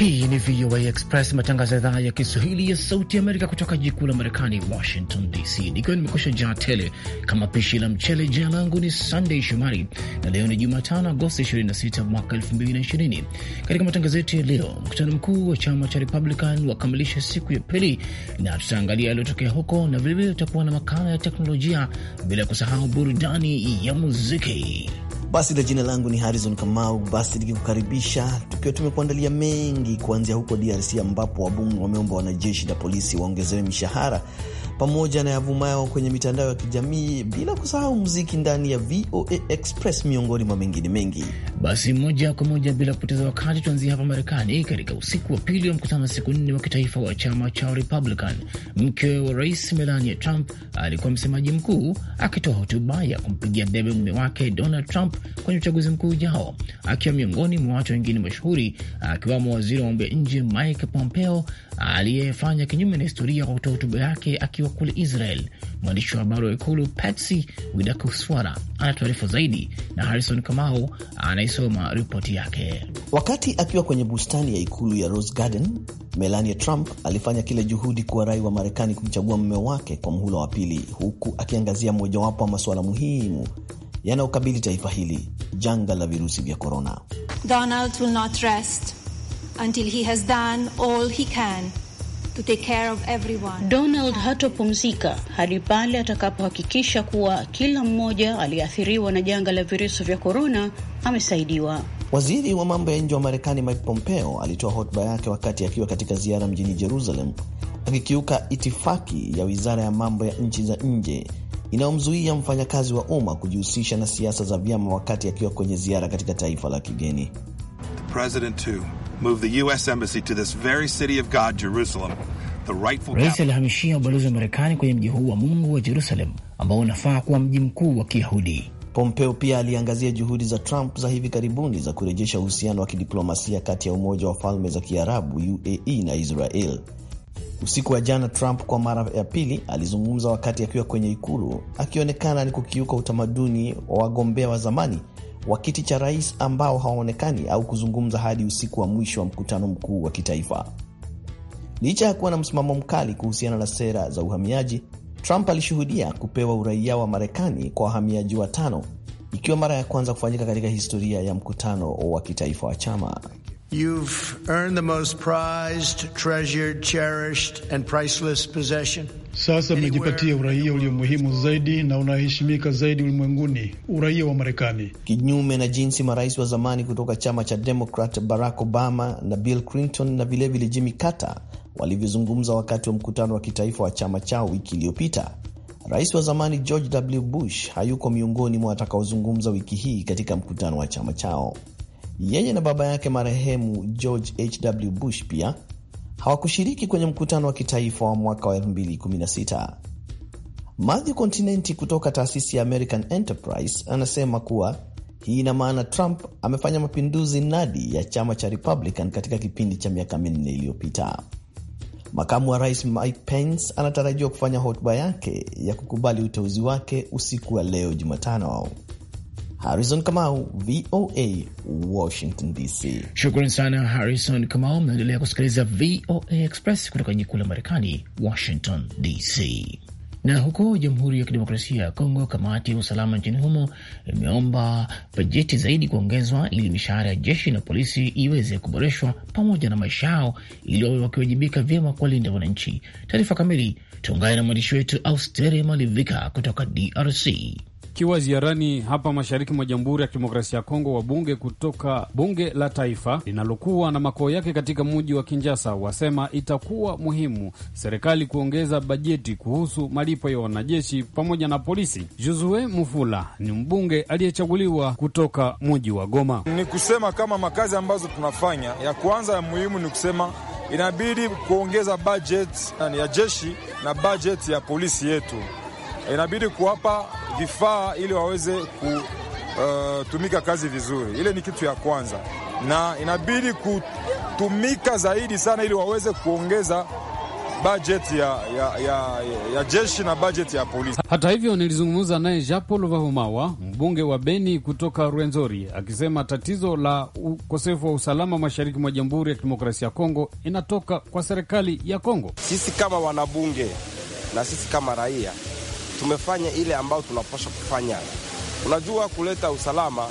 Hii ni VOA Express, matangazo ya idhaa ya Kiswahili ya Sauti Amerika kutoka jiji kuu la Marekani, Washington DC, nikiwa nimekusha jaa tele kama pishi la mchele. Jina langu ni Sandey Shomari na leo ni Jumatano, Agosti 26 mwaka 2020. Katika matangazo yetu ya leo, mkutano mkuu wa chama cha Republican wakamilisha siku ya pili, na tutaangalia yaliyotokea huko na vilevile utakuwa na makala ya teknolojia, bila kusahau burudani ya muziki. Basi la jina langu ni Harrison Kamau, basi nikikukaribisha tukiwa tumekuandalia mengi, kuanzia huko DRC ambapo wabunge wameomba wanajeshi na polisi waongezewe mishahara pamoja na yao kwenye mitandao ya kijamii, bila kusahau mziki ndani ya VOA Express miongoni mwa mengine mengi. Basi moja kwa moja bila kupoteza wakati, tuanzia hapa Marekani. Katika usiku wa pili wa mkutano wa siku nne wa kitaifa wa chama cha Republican, mke wa rais Melania Trump alikuwa msemaji mkuu akitoa hotuba ya kumpigia debe mume wake Donald Trump kwenye uchaguzi mkuu ujao, akiwa miongoni mwa watu wengine mashuhuri, akiwamo waziri wa mambo ya nje Mike Pompeo aliyefanya kinyume na historia kwa kutoa hotuba yake akiwa kule Israel. Mwandishi wa habari wa ikulu Patsy Widakuswara ana taarifa zaidi, na Harrison Kamau anaisoma ripoti yake. Wakati akiwa kwenye bustani ya ikulu ya Rose Garden, Melania Trump alifanya kile juhudi kuwa rai wa Marekani kumchagua mume wake kwa mhula wa pili, huku akiangazia mmojawapo wa masuala muhimu yanayokabili taifa hili, janga la virusi vya korona. Donald will not rest until he has done all he can to take care of everyone. Donald hatopumzika hadi pale atakapohakikisha kuwa kila mmoja aliyeathiriwa na janga la virusi vya korona amesaidiwa. Waziri wa mambo ya nje wa Marekani Mike Pompeo alitoa hotuba yake wakati akiwa katika ziara mjini Jerusalem, akikiuka itifaki ya wizara ya mambo ya nchi za nje inayomzuia mfanyakazi wa umma kujihusisha na siasa za vyama wakati akiwa kwenye ziara katika taifa la kigeni. President move the U.S. embassy to this very city of God, Jerusalem, the rightful. Rais alihamishia ubalozi wa Marekani kwenye mji huu wa Mungu wa Jerusalem ambao unafaa kuwa mji mkuu wa Kiyahudi. Pompeo pia aliangazia juhudi za Trump za hivi karibuni za kurejesha uhusiano wa kidiplomasia kati ya Umoja wa Falme za Kiarabu UAE na Israel. Usiku wa jana, Trump kwa mara ya pili alizungumza wakati akiwa kwenye ikulu, akionekana ni kukiuka utamaduni wa wagombea wa zamani wa kiti cha rais ambao hawaonekani au kuzungumza hadi usiku wa mwisho wa mkutano mkuu wa kitaifa. Licha ya kuwa na msimamo mkali kuhusiana na sera za uhamiaji, Trump alishuhudia kupewa uraia wa Marekani kwa wahamiaji watano, ikiwa mara ya kwanza kufanyika katika historia ya mkutano wa kitaifa wa chama. You've earned the most prized, treasured, cherished and priceless possession. Sasa mmejipatia uraia ulio muhimu zaidi na unaheshimika zaidi ulimwenguni, uraia wa Marekani. Kinyume na jinsi marais wa zamani kutoka chama cha Demokrat Barack Obama na Bill Clinton na vilevile Jimmy Carter walivyozungumza wakati wa mkutano wa kitaifa wa chama chao wiki iliyopita. Rais wa zamani George W. Bush hayuko miongoni mwa watakaozungumza wiki hii katika mkutano wa chama chao. Yeye na baba yake marehemu George H.W. Bush pia hawakushiriki kwenye mkutano wa kitaifa wa mwaka wa 2016. Matthew Continenti kutoka taasisi ya American Enterprise anasema kuwa hii ina maana Trump amefanya mapinduzi nadi ya chama cha Republican katika kipindi cha miaka minne iliyopita. Makamu wa rais Mike Pence anatarajiwa kufanya hotuba yake ya kukubali uteuzi wake usiku wa leo Jumatano. Harrison Kamau, VOA, Washington DC. Shukrani sana Harrison Kamau. Mnaendelea kusikiliza VOA Express kutoka jikuu la Marekani, Washington DC. Na huko Jamhuri ya Kidemokrasia ya Kongo, kamati ya usalama nchini humo imeomba bajeti zaidi kuongezwa ili mishahara ya jeshi na polisi iweze kuboreshwa pamoja na maisha yao ili wawe wakiwajibika vyema kuwalinda wananchi. Taarifa kamili, tuungane na mwandishi wetu Austere Malivika kutoka DRC. Akiwa ziarani hapa mashariki mwa Jamhuri ya Kidemokrasia ya Kongo, wabunge kutoka bunge la taifa linalokuwa na makao yake katika mji wa Kinshasa wasema itakuwa muhimu serikali kuongeza bajeti kuhusu malipo ya wanajeshi pamoja na polisi. Josue Mufula ni mbunge aliyechaguliwa kutoka mji wa Goma. Ni kusema kama makazi ambazo tunafanya ya kwanza ya muhimu ni kusema inabidi kuongeza bajeti ya jeshi na bajeti ya polisi yetu, inabidi kuwapa vifaa ili waweze kutumika uh, kazi vizuri. Ile ni kitu ya kwanza, na inabidi kutumika zaidi sana ili waweze kuongeza bajeti ya, ya, ya, ya jeshi na bajeti ya polisi. Hata hivyo, nilizungumza naye Japo vahumawa mbunge wa Beni kutoka Rwenzori, akisema tatizo la ukosefu wa usalama mashariki mwa Jamhuri ya Kidemokrasia ya Kongo inatoka kwa serikali ya Kongo. Sisi kama wanabunge na sisi kama raia tumefanya ile ambayo tunapaswa kufanya. Unajua, kuleta usalama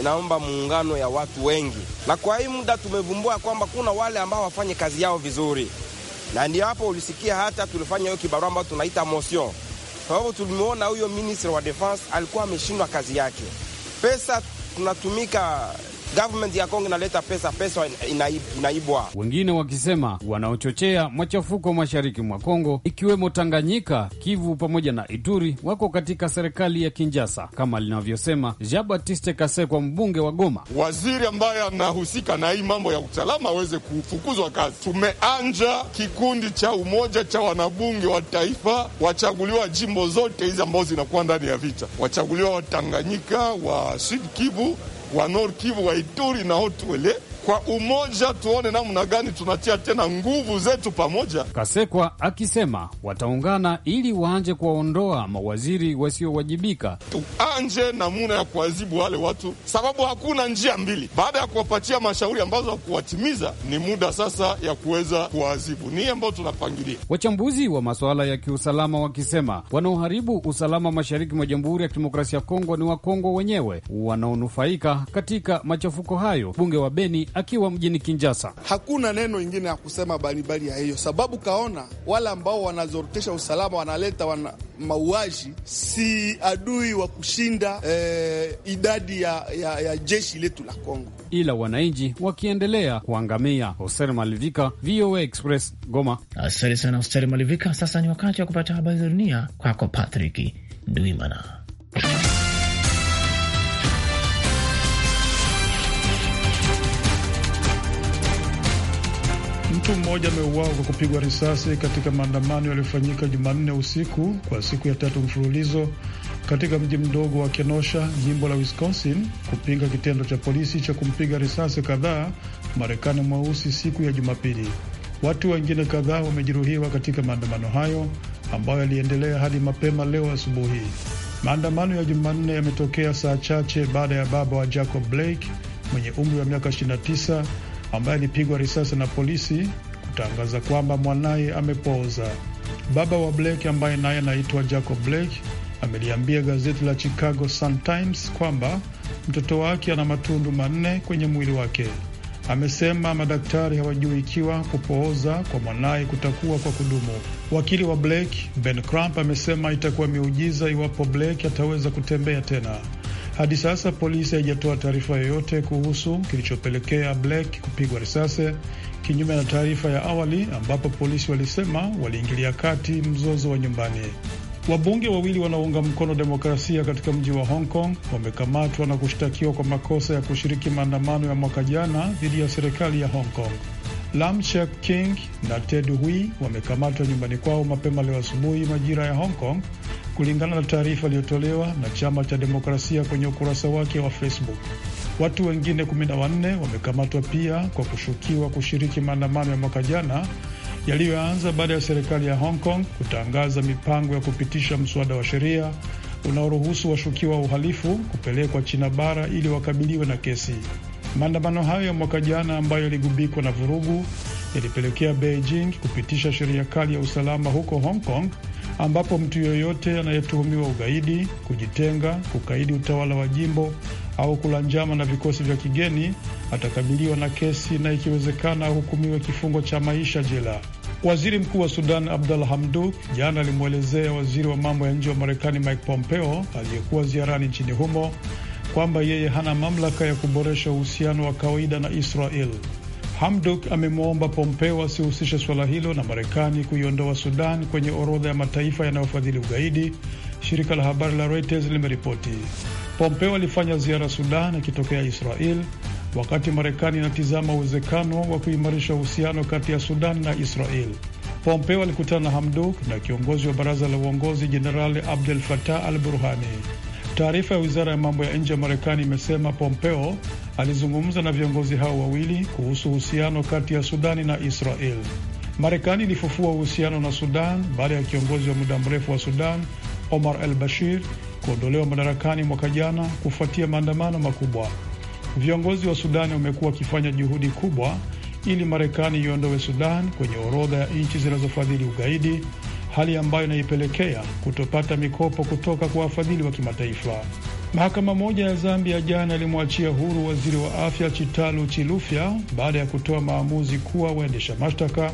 inaomba muungano ya watu wengi, na kwa hii muda tumevumbua kwamba kuna wale ambao wafanye kazi yao vizuri, na ndio hapo ulisikia hata tulifanya hiyo kibarua ambayo tunaita motion, sababu tulimuona huyo ministri wa defense alikuwa ameshindwa kazi yake. Pesa tunatumika government ya Kongo inaleta pesa, pesa inaibwa. Wengine wakisema wanaochochea machafuko mashariki mwa Kongo ikiwemo Tanganyika, Kivu pamoja na Ituri wako katika serikali ya Kinjasa kama linavyosema Jean Baptiste Kasekwa, mbunge wa Goma. Waziri ambaye anahusika na hii mambo ya usalama aweze kufukuzwa kazi. Tumeanja kikundi cha umoja cha wanabunge wa taifa wachaguliwa jimbo zote hizi ambazo zinakuwa ndani ya vita, wachaguliwa Watanganyika wa Sud Kivu wa Nord Kivu, wa Ituri na Haut-Uele kwa umoja, tuone namna gani tunatia tena nguvu zetu pamoja. Kasekwa akisema wataungana ili waanje kuwaondoa mawaziri wasiowajibika, tuanje namuna ya kuwazibu wale watu, sababu hakuna njia mbili. Baada ya kuwapatia mashauri ambazo hakuwatimiza, ni muda sasa ya kuweza kuwazibu ni ambayo tunapangilia. Wachambuzi wa masuala ya kiusalama wakisema wanaoharibu usalama mashariki mwa Jamhuri ya Kidemokrasia ya Kongo ni Wakongo wenyewe wanaonufaika katika machafuko hayo. Bunge wa Beni akiwa mjini Kinjasa. Hakuna neno ingine ya kusema balibali ya hiyo sababu, kaona wale ambao wanazorotesha usalama wanaleta wana mauaji si adui wa kushinda eh, idadi ya, ya, ya jeshi letu la Kongo, ila wananchi wakiendelea kuangamia. Hoser Malivika, VOA Express, Goma. Asante sana Hoser Malivika. Sasa ni wakati wa kupata habari za dunia kwako, Patrick Ndwimana. Mtu mmoja ameuawa kwa kupigwa risasi katika maandamano yaliyofanyika Jumanne usiku kwa siku ya tatu mfululizo katika mji mdogo wa Kenosha, jimbo la Wisconsin, kupinga kitendo cha polisi cha kumpiga risasi kadhaa Marekani mweusi siku ya Jumapili. Watu wengine kadhaa wamejeruhiwa katika maandamano hayo ambayo yaliendelea hadi mapema leo asubuhi. Maandamano ya Jumanne yametokea saa chache baada ya baba wa Jacob Blake mwenye umri wa miaka ambaye alipigwa risasi na polisi kutangaza kwamba mwanaye amepooza. Baba wa Blake ambaye naye anaitwa Jacob Blake ameliambia gazeti la Chicago Sun-Times kwamba mtoto wake ana matundu manne kwenye mwili wake. Amesema madaktari hawajui ikiwa kupooza kwa mwanaye kutakuwa kwa kudumu. Wakili wa Blake Ben Crump amesema itakuwa miujiza iwapo Blake ataweza kutembea tena. Hadi sasa polisi haijatoa taarifa yoyote kuhusu kilichopelekea Blake kupigwa risasi, kinyume na taarifa ya awali ambapo polisi walisema waliingilia kati mzozo wa nyumbani. Wabunge wawili wanaounga mkono demokrasia katika mji wa Hong Kong wamekamatwa na kushtakiwa kwa makosa ya kushiriki maandamano ya mwaka jana dhidi ya serikali ya Hong Kong. Lam Chek King na Ted Hui wamekamatwa nyumbani kwao mapema leo asubuhi majira ya Hong Kong kulingana na taarifa iliyotolewa na chama cha demokrasia kwenye ukurasa wake wa Facebook. Watu wengine 14 wamekamatwa pia kwa kushukiwa kushiriki maandamano ya mwaka jana yaliyoanza baada ya serikali ya Hong Kong kutangaza mipango ya kupitisha mswada wa sheria unaoruhusu washukiwa wa uhalifu kupelekwa China bara ili wakabiliwe na kesi. Maandamano hayo ya mwaka jana ambayo yaligubikwa na vurugu yalipelekea Beijing kupitisha sheria kali ya usalama huko Hong Kong ambapo mtu yoyote anayetuhumiwa ugaidi, kujitenga, kukaidi utawala wa jimbo au kula njama na vikosi vya kigeni atakabiliwa na kesi na ikiwezekana ahukumiwe kifungo cha maisha jela. Waziri Mkuu wa Sudan Abdul Hamduk jana alimwelezea waziri wa mambo ya nje wa Marekani Mike Pompeo aliyekuwa ziarani nchini humo kwamba yeye hana mamlaka ya kuboresha uhusiano wa kawaida na Israel. Hamdok amemwomba Pompeo asihusishe suala hilo na Marekani kuiondoa Sudan kwenye orodha ya mataifa yanayofadhili ugaidi, shirika la habari la Reuters limeripoti. Pompeo alifanya ziara Sudan akitokea Israel wakati Marekani inatizama uwezekano wa kuimarisha uhusiano kati ya Sudan na Israel. Pompeo alikutana na Hamdok na kiongozi wa baraza la uongozi Jenerali Abdel Fattah al Burhani. Taarifa ya wizara ya mambo ya nje ya Marekani imesema Pompeo alizungumza na viongozi hao wawili kuhusu uhusiano kati ya Sudani na Israel. Marekani ilifufua uhusiano na Sudan baada ya kiongozi wa muda mrefu wa Sudan Omar al Bashir kuondolewa madarakani mwaka jana kufuatia maandamano makubwa. Viongozi wa Sudani wamekuwa wakifanya juhudi kubwa ili Marekani iondowe Sudan kwenye orodha ya nchi zinazofadhili ugaidi, hali ambayo inaipelekea kutopata mikopo kutoka kwa wafadhili wa kimataifa. Mahakama moja ya Zambia jana ilimwachia huru waziri wa afya Chitalu Chilufya baada ya kutoa maamuzi kuwa waendesha mashtaka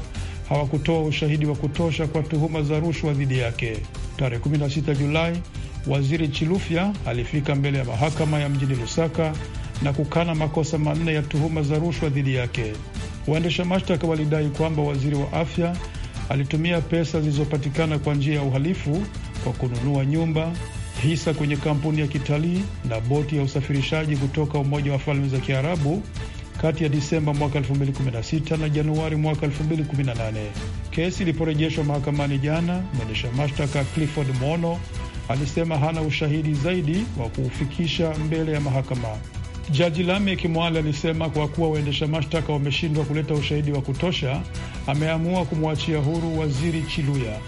hawakutoa ushahidi wa kutosha kwa tuhuma za rushwa dhidi yake. Tarehe 16 Julai, waziri Chilufya alifika mbele ya mahakama ya mjini Lusaka na kukana makosa manne ya tuhuma za rushwa dhidi yake. Waendesha mashtaka walidai kwamba waziri wa afya alitumia pesa zilizopatikana kwa njia ya uhalifu kwa kununua nyumba hisa kwenye kampuni ya kitalii na boti ya usafirishaji kutoka Umoja wa Falme za Kiarabu kati ya Disemba mwaka 2016 na Januari mwaka 2018. Kesi iliporejeshwa mahakamani jana, mwendesha mashtaka Clifford Mono alisema hana ushahidi zaidi wa kuufikisha mbele ya mahakama. Jaji Lame Kimwale alisema kwa kuwa waendesha mashtaka wameshindwa kuleta ushahidi wa kutosha, ameamua kumwachia huru Waziri Chiluya.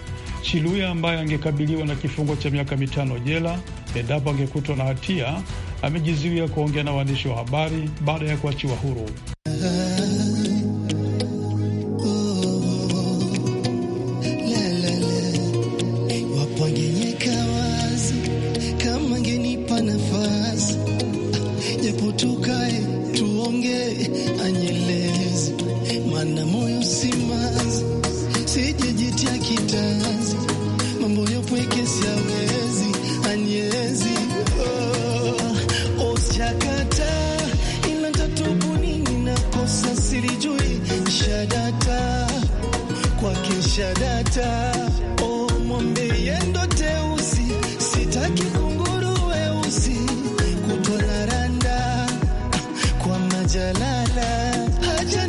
Chiluya ambaye angekabiliwa na kifungo cha miaka mitano jela endapo angekutwa na hatia amejizuia kuongea na waandishi wa habari baada ya kuachiwa huru. Jalala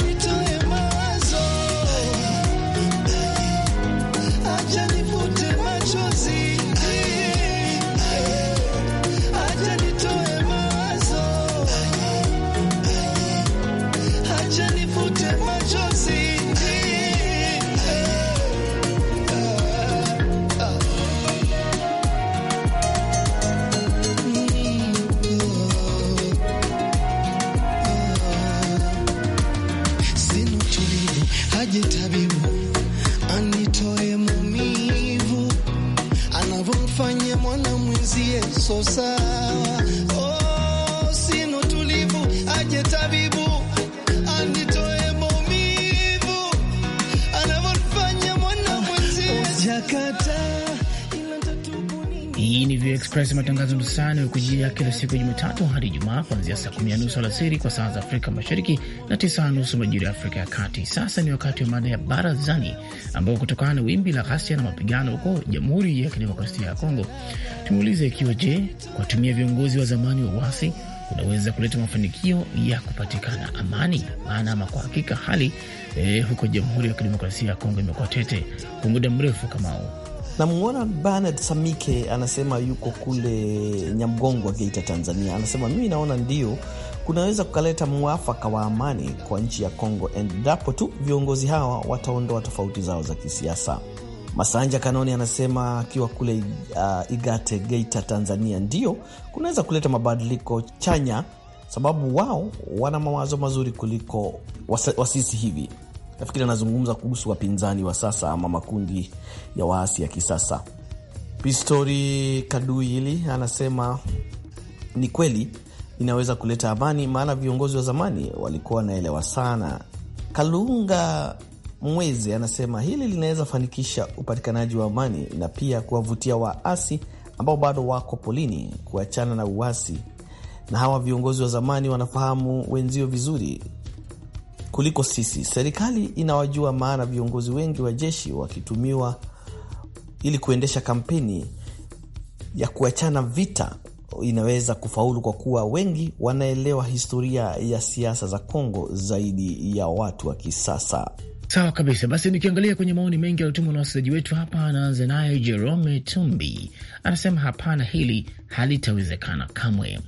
so sad. VOA Express, matangazo dusani hukujia kila siku ya Jumatatu hadi Ijumaa, kuanzia saa kumi na nusu alasiri kwa saa za Afrika Mashariki na tisa na nusu majira ya Afrika ya Kati. Sasa ni wakati wa mada ya Barazani, ambao kutokana na wimbi la ghasia na mapigano huko Jamhuri ya Kidemokrasia ya Kongo, tumeuliza ikiwa, je, kuwatumia viongozi wa zamani wa uasi kunaweza kuleta mafanikio ya kupatikana amani? Maana ama kwa hakika hali eh, huko Jamhuri ya Kidemokrasia ya Kongo imekuwa tete kwa muda mrefu kamao Namwona Bernard Samike anasema yuko kule Nyamgongwa, Geita, Tanzania. Anasema mimi naona ndio kunaweza kukaleta mwafaka wa amani kwa nchi ya Kongo endapo tu viongozi hawa wataondoa tofauti zao za kisiasa. Masanja Kanoni anasema akiwa kule uh, Igate, Geita, Tanzania, ndio kunaweza kuleta mabadiliko chanya, sababu wao wana mawazo mazuri kuliko wasisi hivi Nafikiri anazungumza kuhusu wapinzani wa sasa ama makundi ya waasi ya kisasa. Pistori Kaduili anasema ni kweli inaweza kuleta amani, maana viongozi wa zamani walikuwa wanaelewa sana. Kalunga Mweze anasema hili linaweza fanikisha upatikanaji wa amani na pia kuwavutia waasi ambao bado wako polini kuachana na uasi, na hawa viongozi wa zamani wanafahamu wenzio vizuri kuliko sisi. Serikali inawajua, maana viongozi wengi wa jeshi wakitumiwa ili kuendesha kampeni ya kuachana vita inaweza kufaulu kwa kuwa wengi wanaelewa historia ya siasa za Kongo zaidi ya watu wa kisasa. Sawa kabisa. Basi nikiangalia kwenye maoni mengi yaliotumwa na wasikilizaji wetu hapa, anaanza naye Jerome Tumbi, anasema hapana, hili halitawezekana kamwe.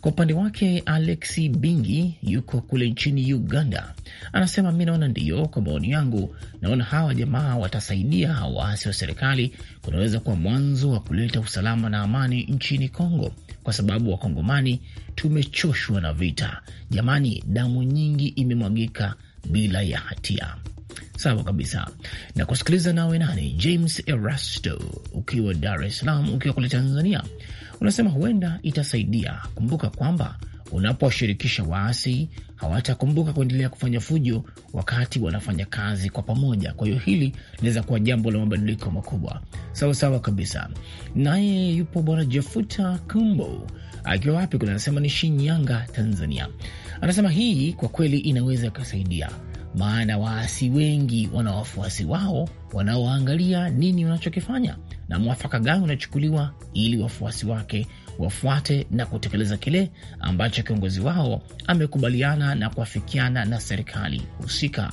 Kwa upande wake, Alexi Bingi yuko kule nchini Uganda, anasema mi naona ndiyo. Kwa maoni yangu, naona hawa jamaa watasaidia hawa waasi wa serikali, kunaweza kuwa mwanzo wa kuleta usalama na amani nchini Kongo, kwa sababu Wakongomani tumechoshwa na vita. Jamani, damu nyingi imemwagika bila ya hatia. Sawa kabisa na kusikiliza. Nawe nani James Erasto, ukiwa Dar es Salaam, ukiwa kule Tanzania, unasema huenda itasaidia. Kumbuka kwamba unapowashirikisha waasi hawatakumbuka kuendelea kufanya fujo wakati wanafanya kazi kwa pamoja. Kwa hiyo hili linaweza kuwa jambo la mabadiliko makubwa. Sawasawa kabisa. Naye yupo Bwana Jefuta Kumbo akiwa wapi kule, anasema ni Shinyanga, Tanzania. Anasema hii kwa kweli inaweza ikasaidia, maana waasi wengi wana wafuasi wao wanaoangalia nini wanachokifanya na mwafaka gani unachukuliwa ili wafuasi wake wafuate na kutekeleza kile ambacho kiongozi wao amekubaliana na kuafikiana na serikali husika.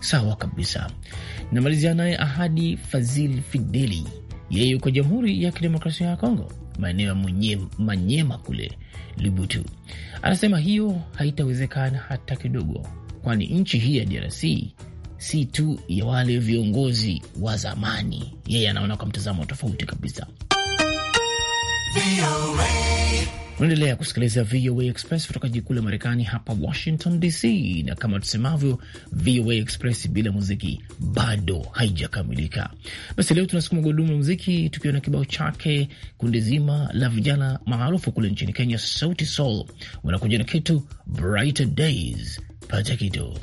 Sawa kabisa. Namalizia naye Ahadi Fazil Fideli, yeye yuko Jamhuri ya Kidemokrasia ya Kongo maeneo ya Manyema kule Lubutu. Anasema hiyo haitawezekana hata kidogo, kwani nchi hii ya DRC si tu ya wale viongozi wa zamani. Yeye anaona kwa mtazamo tofauti kabisa. Unaendelea kusikiliza VOA Express kutoka jikuu la Marekani hapa Washington DC, na kama tusemavyo VOA Express bila muziki bado haijakamilika. Basi leo tunasukuma gurudumu la muziki tukiwa na kibao chake kundi zima la vijana maarufu kule nchini Kenya, Sauti Sol, wanakuja na kitu Brighter Days. Pata kitu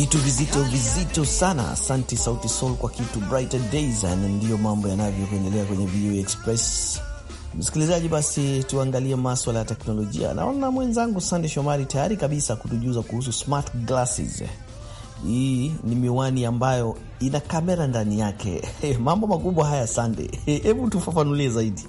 vitu vizito vizito sana. Asanti Sauti Sol kwa kitu brighter days, na ndiyo mambo yanavyoendelea kwenye VOA Express. Msikilizaji, basi tuangalie maswala ya teknolojia. Naona mwenzangu Sande Shomari tayari kabisa kutujuza kuhusu smart glasses. Hii ni miwani ambayo ina kamera ndani yake. Hey, mambo makubwa haya Sande. Hebu tufafanulie zaidi.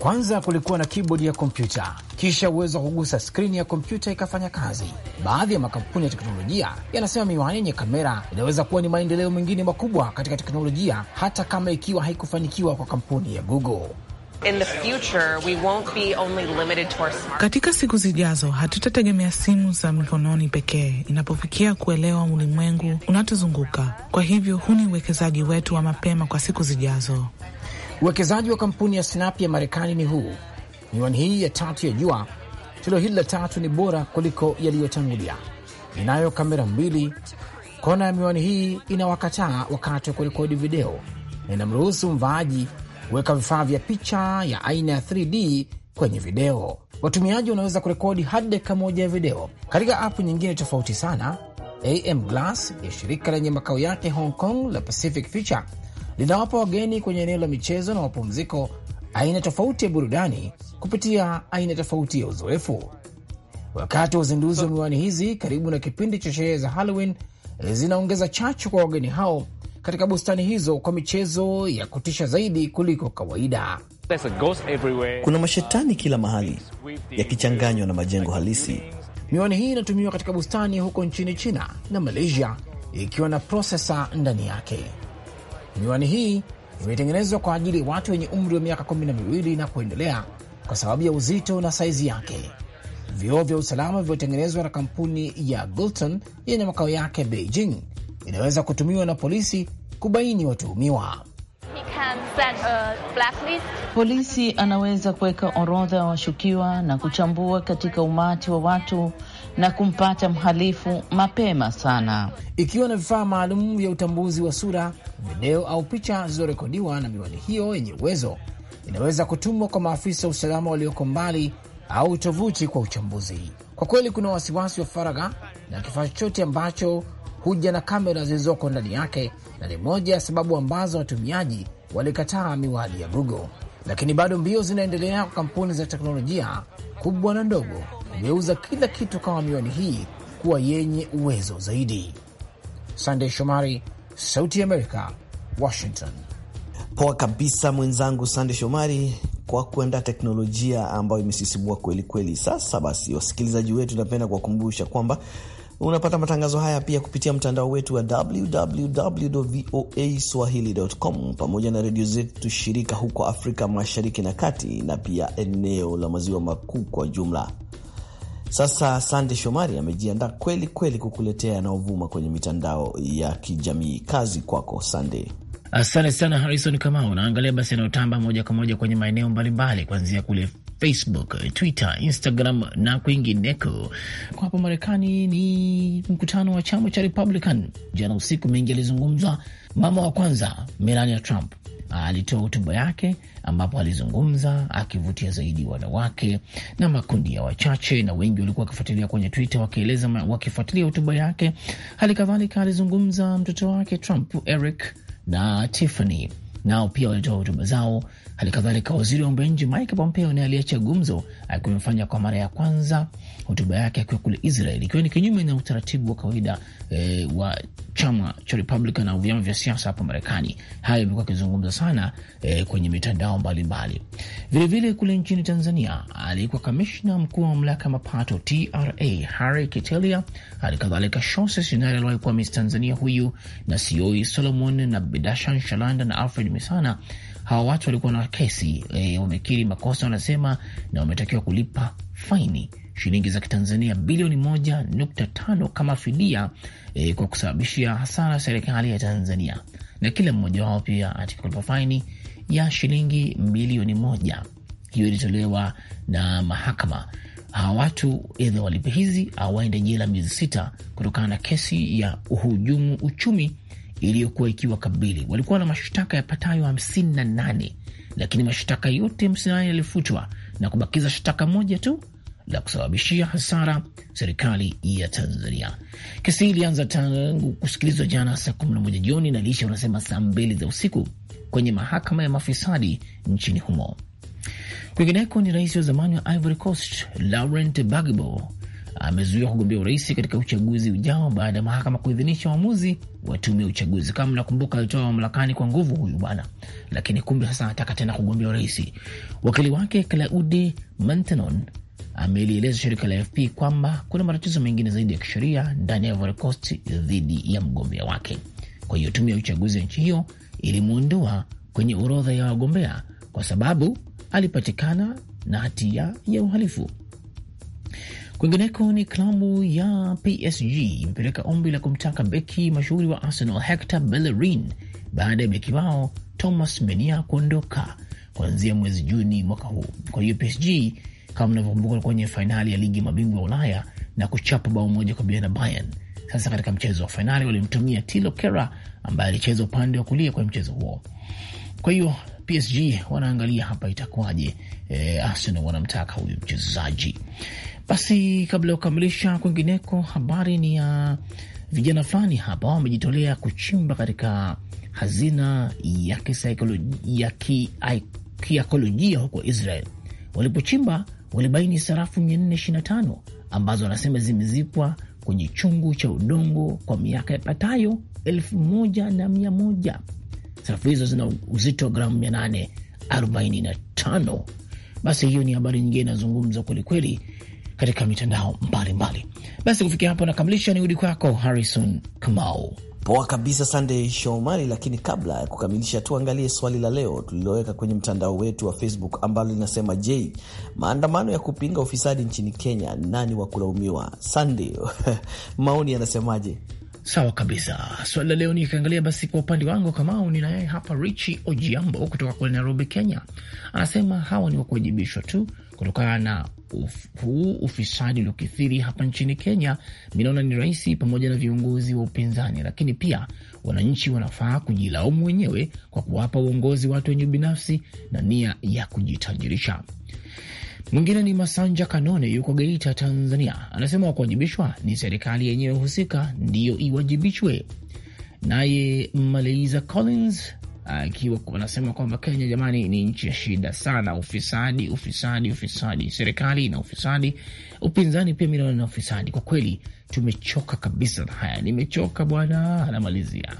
Kwanza kulikuwa na kibodi ya kompyuta, kisha uwezo wa kugusa skrini ya kompyuta ikafanya kazi. Baadhi ya makampuni ya teknolojia yanasema miwani yenye kamera inaweza kuwa ni maendeleo mengine makubwa katika teknolojia, hata kama ikiwa haikufanikiwa kwa kampuni ya Google. In the future, we won't be only limited to our smart... Katika siku zijazo hatutategemea simu za mikononi pekee inapofikia kuelewa ulimwengu unatuzunguka. Kwa hivyo huu ni uwekezaji wetu wa mapema kwa siku zijazo. Uwekezaji wa kampuni ya Snap ya Marekani ni huu, miwani hii ya tatu ya jua. tilo hili la tatu ni bora kuliko yaliyotangulia, inayo kamera mbili. Kona ya miwani hii inawakataa wakati wa kurekodi video na inamruhusu mvaaji kuweka vifaa vya picha ya aina ya 3D kwenye video. Watumiaji wanaweza kurekodi hadi dakika moja ya video. Katika apu nyingine tofauti sana, AM Glass ya shirika lenye makao yake Hong Kong la Pacific Feature linawapa wageni kwenye eneo la michezo na mapumziko aina tofauti ya burudani kupitia aina tofauti ya uzoefu. Wakati wa uzinduzi wa miwani hizi karibu na kipindi cha sherehe za Halloween, zinaongeza chachu kwa wageni hao katika bustani hizo kwa michezo ya kutisha zaidi kuliko kawaida. Kuna mashetani kila mahali yakichanganywa na majengo halisi. Miwani hii inatumiwa katika bustani huko nchini China na Malaysia, ikiwa na prosesa ndani yake. Miwani hii imetengenezwa kwa ajili ya watu wenye umri wa miaka kumi na miwili na kuendelea kwa sababu ya uzito na saizi yake. Vioo vya usalama vilivyotengenezwa na kampuni ya Gulton yenye makao yake Beijing inaweza kutumiwa na polisi kubaini watuhumiwa. Polisi anaweza kuweka orodha ya washukiwa na kuchambua katika umati wa watu na kumpata mhalifu mapema sana. Ikiwa na vifaa maalum vya utambuzi wa sura, video au picha zilizorekodiwa na miwani hiyo yenye uwezo, inaweza kutumwa kwa maafisa wa usalama walioko mbali au tovuti kwa uchambuzi. Kwa kweli kuna wasiwasi wa faragha na kifaa chochote ambacho huja na kamera zilizoko ndani yake, na ni moja ya sababu ambazo watumiaji walikataa miwani ya Google. Lakini bado mbio zinaendelea kwa kampuni za teknolojia kubwa na ndogo, kugeuza kila kitu kama miwani hii kuwa yenye uwezo zaidi. Sandey Shomari, Sauti ya Amerika, Washington. Poa kabisa mwenzangu Sande Shomari kwa kuenda teknolojia ambayo imesisimua kweli kweli. Sasa basi, wasikilizaji wetu, napenda kuwakumbusha kwamba Unapata matangazo haya pia kupitia mtandao wetu wa www voa swahili.com pamoja na redio zetu shirika huko Afrika Mashariki na Kati na pia eneo la maziwa makuu kwa jumla. Sasa Sande Shomari amejiandaa kweli kweli kukuletea yanayovuma kwenye mitandao ya kijamii. Kazi kwako Sande. Asante sana Harison Kamau. Unaangalia basi yanayotamba moja kwa moja kwenye maeneo mbalimbali, kuanzia kule Facebook, Twitter, Instagram na kwingineko. Kwa hapa Marekani ni mkutano wa chama cha Republican. Jana usiku mengi alizungumzwa. Mama wa kwanza Melania Trump alitoa hotuba yake ambapo alizungumza akivutia zaidi wanawake na makundi ya wachache, na wengi walikuwa wakifuatilia kwenye Twitter wakieleza wakifuatilia hotuba yake. Hali kadhalika alizungumza mtoto wake Trump, Eric na Tiffany nao pia walitoa hotuba zao. Hali kadhalika waziri wa mambo ya nje Mike Pompeo naye aliacha gumzo akiwemfanya kwa mara ya kwanza hotuba yake akiwa kule Israel, ikiwa ni kinyume na utaratibu wa kawaida e, wa chama cha Republican au vyama vya siasa hapa Marekani. Hayo imekuwa akizungumza sana e, kwenye mitandao mbalimbali. Vilevile kule nchini Tanzania, aliyekuwa kamishna mkuu wa mamlaka ya mapato TRA Harry Kitelia, hali Shose Sinari aliwahi kuwa Miss Tanzania huyu na Sioi e Solomon na Bidashan Shalanda na Alfred Misana hawa watu walikuwa na kesi e, wamekiri makosa wanasema, na wametakiwa kulipa faini shilingi za Kitanzania bilioni moja nukta tano kama fidia e, kwa kusababishia hasara serikali ya Tanzania, na kila mmoja wao pia atikulipa faini ya shilingi milioni moja. Hiyo ilitolewa na mahakama. Hawa watu edha walipe hizi au waende jela miezi sita kutokana na kesi ya uhujumu uchumi iliyokuwa ikiwa kabili. Walikuwa na mashtaka yapatayo hamsini na nane lakini mashtaka yote hamsini na nane yalifutwa na kubakiza shtaka moja tu la kusababishia hasara serikali ya Tanzania. Kesi hii ilianza tangu kusikilizwa jana saa 11 jioni na lisha unasema saa mbili za usiku kwenye mahakama ya mafisadi nchini humo. Kwingineko ni rais wa zamani wa Ivory Coast Laurent Gbagbo amezuia kugombea urais katika uchaguzi ujao baada ya mahakama kuidhinisha uamuzi wa tume ya uchaguzi. Kama nakumbuka, alitoa mamlakani kwa nguvu huyu bwana, lakini kumbe sasa anataka tena kugombea urais. Wakili wake Claude Mantenon amelieleza shirika la AFP kwamba kuna matatizo mengine zaidi ya kisheria ndani ya Ivory Coast dhidi ya mgombea wake. Kwa hiyo tume ya uchaguzi ya nchi hiyo ilimwondoa kwenye orodha ya wagombea kwa sababu alipatikana na hatia ya uhalifu. Kwingineko ni klabu ya PSG imepeleka ombi la kumtaka beki mashuhuri wa Arsenal Hector Bellerin baada ya beki wao Thomas Menia kuondoka kuanzia mwezi Juni mwaka huu. Kwa hiyo PSG kama mnavyokumbuka kwenye fainali ya ligi mabingwa Ulaya na kuchapa bao moja kwa bila na Bayern. Sasa katika mchezo wa fainali walimtumia Tilo Kera ambaye alicheza upande wa kulia kwenye mchezo huo. Kwa hiyo PSG wanaangalia hapa itakuwaje. Eh, Arsenal wanamtaka huyu mchezaji. Basi kabla ya kukamilisha kwingineko, habari ni ya vijana fulani hapa wamejitolea kuchimba katika hazina ya kisaikolojia huko Israel. Walipochimba walibaini sarafu 425 ambazo wanasema zimezikwa kwenye chungu cha udongo kwa miaka yapatayo elfu Sarafu hizo zina uzito wa gramu 845. Basi hiyo ni habari nyingine inazungumza kwelikweli katika mitandao mbalimbali. Basi kufikia hapo nakamilisha, ni udi kwako Harrison Kamau. Poa kabisa, Sandey Shomari. Lakini kabla ya kukamilisha, tuangalie swali la leo tuliloweka kwenye mtandao wetu wa Facebook ambalo linasema je, maandamano ya kupinga ufisadi nchini Kenya, nani wa kulaumiwa? Sandey, maoni yanasemaje? Sawa kabisa, swali la leo nikiangalia basi kwa upande wangu Kamau, ninaye hapa Richi Ojiambo kutoka kule Nairobi, Kenya, anasema hawa ni wa kuwajibishwa tu kutokana na huu ufisadi uliokithiri hapa nchini Kenya. Mi naona ni rais pamoja na viongozi wa upinzani, lakini pia wananchi wanafaa kujilaumu wenyewe kwa kuwapa uongozi watu wenye binafsi na nia ya kujitajirisha. Mwingine ni Masanja Kanone, yuko Geita, Tanzania, anasema wa kuwajibishwa ni serikali yenyewe husika, ndiyo iwajibishwe. Naye Maleiza Collins Ah, ikiwa uh, wanasema kwamba Kenya jamani, ni nchi ya shida sana, ufisadi, ufisadi, ufisadi, serikali na ufisadi, upinzani pia mimi na ufisadi. Kwa kweli tumechoka kabisa na haya, nimechoka bwana. Anamalizia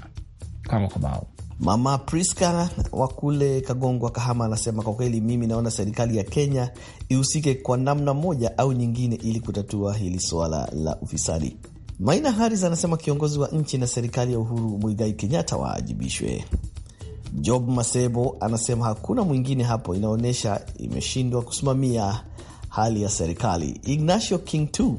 kama kwabao Mama Priska wa kule Kagongwa, Kahama, anasema kwa kweli, mimi naona serikali ya Kenya ihusike kwa namna moja au nyingine, ili kutatua hili suala la ufisadi. Maina Haris anasema kiongozi wa nchi na serikali ya Uhuru Muigai Kenyatta waajibishwe. Job Masebo anasema hakuna mwingine hapo, inaonyesha imeshindwa kusimamia hali ya serikali. Ignacio King t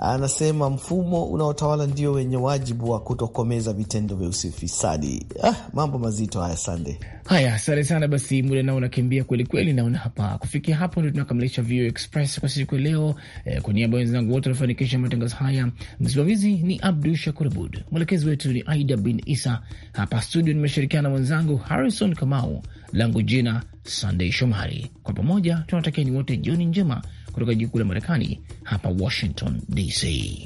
anasema mfumo unaotawala ndio wenye wajibu wa kutokomeza vitendo vya ufisadi. Ah, mambo mazito haya. Sande haya, asante sana. Basi muda nao unakimbia kwelikweli, naona hapa kufikia hapo ndio tunakamilisha VOA Express kwa siku ya leo. Eh, kwa niaba ya wenzangu wote wanafanikisha matangazo haya, msimamizi ni Abdu Shakur Abud, mwelekezi wetu ni Aida Bin Isa. Hapa studio nimeshirikiana na mwenzangu Harrison Kamau, langu jina Sandey Shomari. Kwa pamoja tunawatakia ni wote jioni njema kutoka jiji kuu la Marekani hapa Washington DC.